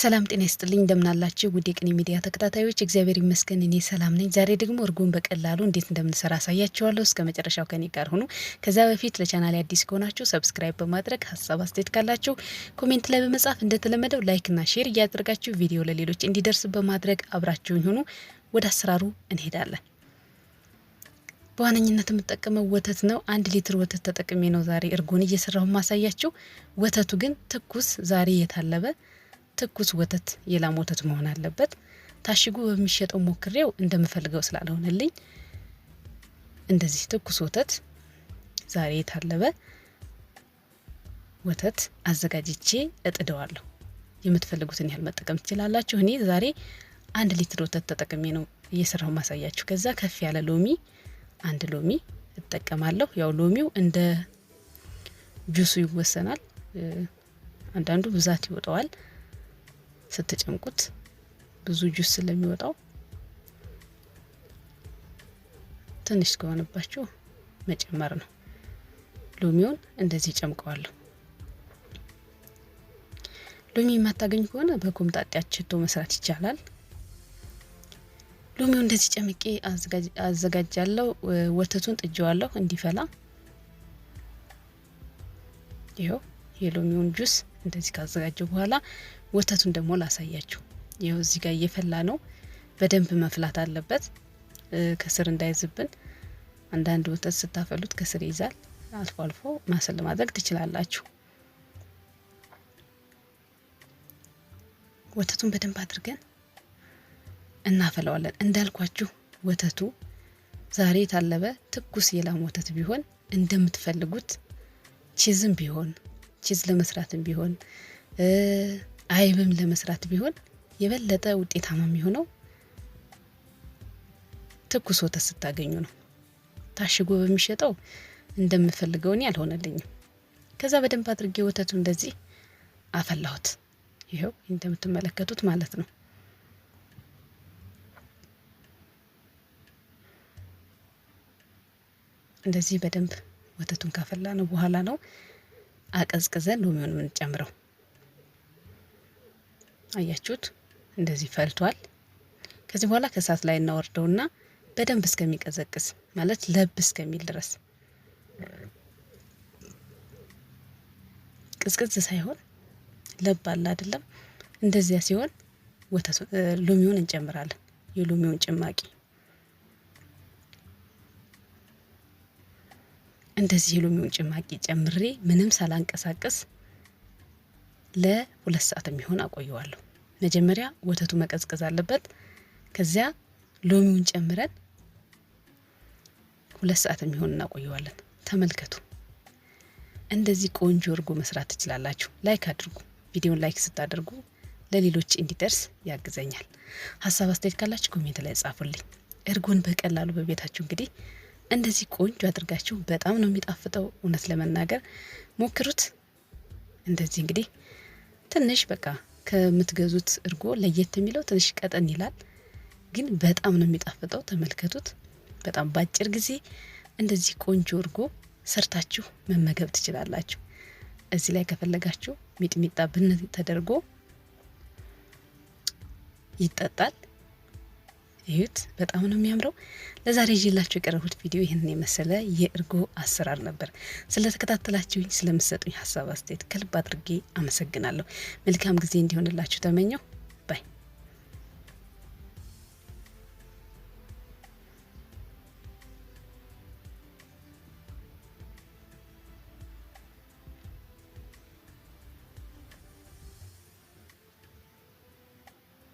ሰላም ጤና ይስጥልኝ እንደምናላችሁ ውድ የቅኔ ሚዲያ ተከታታዮች፣ እግዚአብሔር ይመስገን እኔ ሰላም ነኝ። ዛሬ ደግሞ እርጎን በቀላሉ እንዴት እንደምንሰራ አሳያችኋለሁ። እስከ መጨረሻው ከኔ ጋር ሁኑ። ከዛ በፊት ለቻናል አዲስ ከሆናችሁ ሰብስክራይብ በማድረግ ሀሳብ አስተያየት ካላችሁ ኮሜንት ላይ በመጻፍ እንደተለመደው ላይክና ሼር እያደረጋችሁ ቪዲዮ ለሌሎች እንዲደርስ በማድረግ አብራችሁኝ ሁኑ። ወደ አሰራሩ እንሄዳለን። በዋነኝነት የምጠቀመው ወተት ነው። አንድ ሊትር ወተት ተጠቅሜ ነው ዛሬ እርጎን እየሰራሁ ማሳያችሁ። ወተቱ ግን ትኩስ ዛሬ የታለበ ትኩስ ወተት የላም ወተት መሆን አለበት። ታሽጎ በሚሸጠው ሞክሬው እንደምፈልገው ስላልሆነልኝ እንደዚህ ትኩስ ወተት ዛሬ የታለበ ወተት አዘጋጅቼ እጥደዋለሁ። የምትፈልጉትን ያህል መጠቀም ትችላላችሁ። እኔ ዛሬ አንድ ሊትር ወተት ተጠቅሜ ነው እየሰራሁ ማሳያችሁ። ከዛ ከፍ ያለ ሎሚ አንድ ሎሚ እጠቀማለሁ። ያው ሎሚው እንደ ጁሱ ይወሰናል። አንዳንዱ ብዛት ይወጣዋል። ስትጨምቁት ብዙ ጁስ ስለሚወጣው ትንሽ ከሆነባችሁ መጨመር ነው። ሎሚውን እንደዚህ ጨምቀዋለሁ። ሎሚ የማታገኙ ከሆነ በኮምጣጤያችሁ ሽቶ መስራት ይቻላል። ሎሚው እንደዚህ ጨምቄ አዘጋጃለሁ። ወተቱን ጥጀዋለሁ እንዲፈላ። ይኸው የሎሚውን ጁስ እንደዚህ ካዘጋጀው በኋላ ወተቱን ደግሞ ላሳያችሁ። ይኸው እዚህ ጋር እየፈላ ነው። በደንብ መፍላት አለበት፣ ከስር እንዳይዝብን። አንዳንድ ወተት ስታፈሉት ከስር ይዛል። አልፎ አልፎ ማሰል ማድረግ ትችላላችሁ። ወተቱን በደንብ አድርገን እናፈላዋለን። እንዳልኳችሁ ወተቱ ዛሬ የታለበ ትኩስ የላም ወተት ቢሆን እንደምትፈልጉት ቺዝም ቢሆን ቺዝ ለመስራትም ቢሆን አይብም ለመስራት ቢሆን የበለጠ ውጤታማ የሚሆነው ትኩስ ወተት ስታገኙ ነው። ታሽጎ በሚሸጠው እንደምፈልገው እኔ አልሆነልኝም። ከዛ በደንብ አድርጌ ወተቱ እንደዚህ አፈላሁት። ይኸው እንደምትመለከቱት ማለት ነው። እንደዚህ በደንብ ወተቱን ካፈላ ነው በኋላ ነው አቀዝቅዘን ሎሚውን የምንጨምረው። አያችሁት? እንደዚህ ፈልቷል። ከዚህ በኋላ ከእሳት ላይ እናወርደውና በደንብ እስከሚቀዘቅዝ ማለት ለብ እስከሚል ድረስ ቅዝቅዝ ሳይሆን ለብ አለ አይደለም። እንደዚያ ሲሆን ሎሚውን እንጨምራለን። የሎሚውን ጭማቂ እንደዚህ የሎሚውን ጭማቂ ጨምሬ ምንም ሳላንቀሳቀስ ለሁለት ሰዓት የሚሆን አቆየዋለሁ። መጀመሪያ ወተቱ መቀዝቀዝ አለበት። ከዚያ ሎሚውን ጨምረን ሁለት ሰዓት የሚሆን እናቆየዋለን። ተመልከቱ። እንደዚህ ቆንጆ እርጎ መስራት ትችላላችሁ። ላይክ አድርጉ። ቪዲዮን ላይክ ስታደርጉ ለሌሎች እንዲደርስ ያግዘኛል። ሀሳብ አስተያየት ካላችሁ ኮሜንት ላይ ጻፉልኝ። እርጎን በቀላሉ በቤታችሁ እንግዲህ እንደዚህ ቆንጆ አድርጋችሁ በጣም ነው የሚጣፍጠው። እውነት ለመናገር ሞክሩት። እንደዚህ እንግዲህ ትንሽ በቃ ከምትገዙት እርጎ ለየት የሚለው ትንሽ ቀጠን ይላል፣ ግን በጣም ነው የሚጣፍጠው። ተመልከቱት። በጣም በአጭር ጊዜ እንደዚህ ቆንጆ እርጎ ሰርታችሁ መመገብ ትችላላችሁ። እዚህ ላይ ከፈለጋችሁ ሚጥሚጣ ብን ተደርጎ ይጠጣል። ይሁት በጣም ነው የሚያምረው። ለዛሬ ይዤላችሁ የቀረቡት ቪዲዮ ይህንን የመሰለ የእርጎ አሰራር ነበር። ስለተከታተላችሁኝ ስለምሰጡኝ ሀሳብ አስተያየት ከልብ አድርጌ አመሰግናለሁ። መልካም ጊዜ እንዲሆንላችሁ ተመኘው።